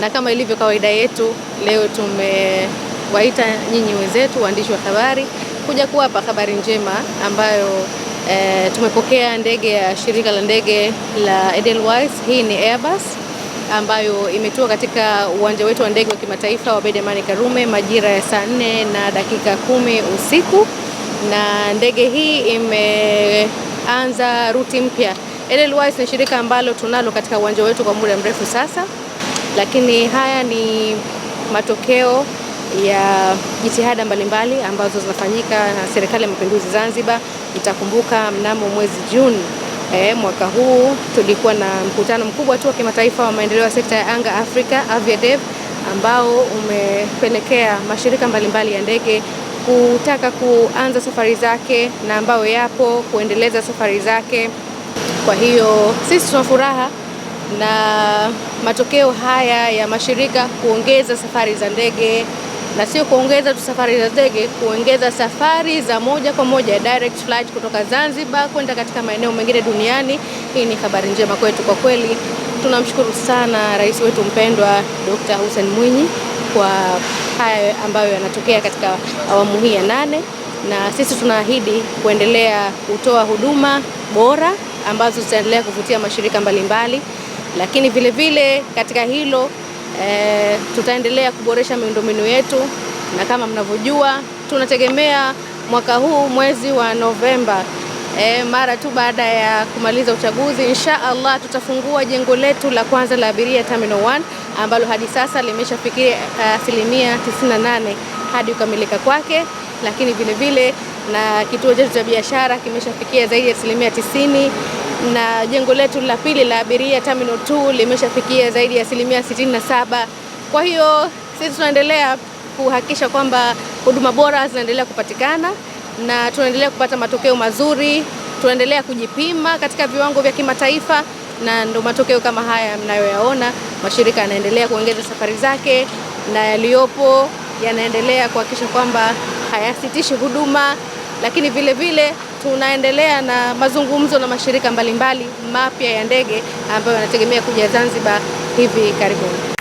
na kama ilivyo kawaida yetu, leo tumewaita nyinyi wenzetu waandishi wa habari kuja kuwapa habari njema ambayo e, tumepokea ndege ya shirika la ndege la Edelweiss. Hii ni Airbus ambayo imetua katika uwanja wetu wa ndege wa kimataifa wa Abeid Amani Karume majira ya saa nne na dakika kumi usiku, na ndege hii imeanza ruti mpya. Edelweiss ni shirika ambalo tunalo katika uwanja wetu kwa muda mrefu sasa lakini haya ni matokeo ya jitihada mbalimbali ambazo zinafanyika na Serikali ya Mapinduzi Zanzibar. Mtakumbuka mnamo mwezi Juni E, mwaka huu tulikuwa na mkutano mkubwa tu wa kimataifa wa maendeleo ya sekta ya anga Afrika AVIADEV, ambao umepelekea mashirika mbalimbali ya ndege kutaka kuanza safari zake na ambayo yapo kuendeleza safari zake. Kwa hiyo sisi tuna furaha na matokeo haya ya mashirika kuongeza safari za ndege na sio kuongeza tu safari za ndege, kuongeza safari za moja kwa moja direct flight kutoka Zanzibar kwenda katika maeneo mengine duniani. Hii ni habari njema kwetu kwa kweli. Tunamshukuru sana rais wetu mpendwa Dr. Hussein Mwinyi kwa haya ambayo yanatokea katika awamu hii ya nane, na sisi tunaahidi kuendelea kutoa huduma bora ambazo zitaendelea kuvutia mashirika mbalimbali mbali. Lakini vile vile katika hilo e, tutaendelea kuboresha miundombinu yetu, na kama mnavyojua tunategemea mwaka huu mwezi wa Novemba e, eh, mara tu baada ya kumaliza uchaguzi, insha Allah tutafungua jengo letu la kwanza la abiria Terminal 1 ambalo hadi sasa limeshafikia eh, asilimia 98 hadi kukamilika kwake, lakini vile vile na kituo chetu cha biashara kimeshafikia zaidi ya asilimia 90 na jengo letu la pili la abiria terminal 2 limeshafikia zaidi ya asilimia 67. Kwa hiyo sisi tunaendelea kuhakikisha kwamba huduma bora zinaendelea kupatikana na tunaendelea kupata matokeo mazuri, tunaendelea kujipima katika viwango vya kimataifa, na ndo matokeo kama haya mnayoyaona. Mashirika yanaendelea kuongeza safari zake na yaliyopo yanaendelea kuhakikisha kwamba hayasitishi huduma, lakini vile vile tunaendelea na mazungumzo na mashirika mbalimbali mapya ya ndege ambayo yanategemea kuja Zanzibar hivi karibuni.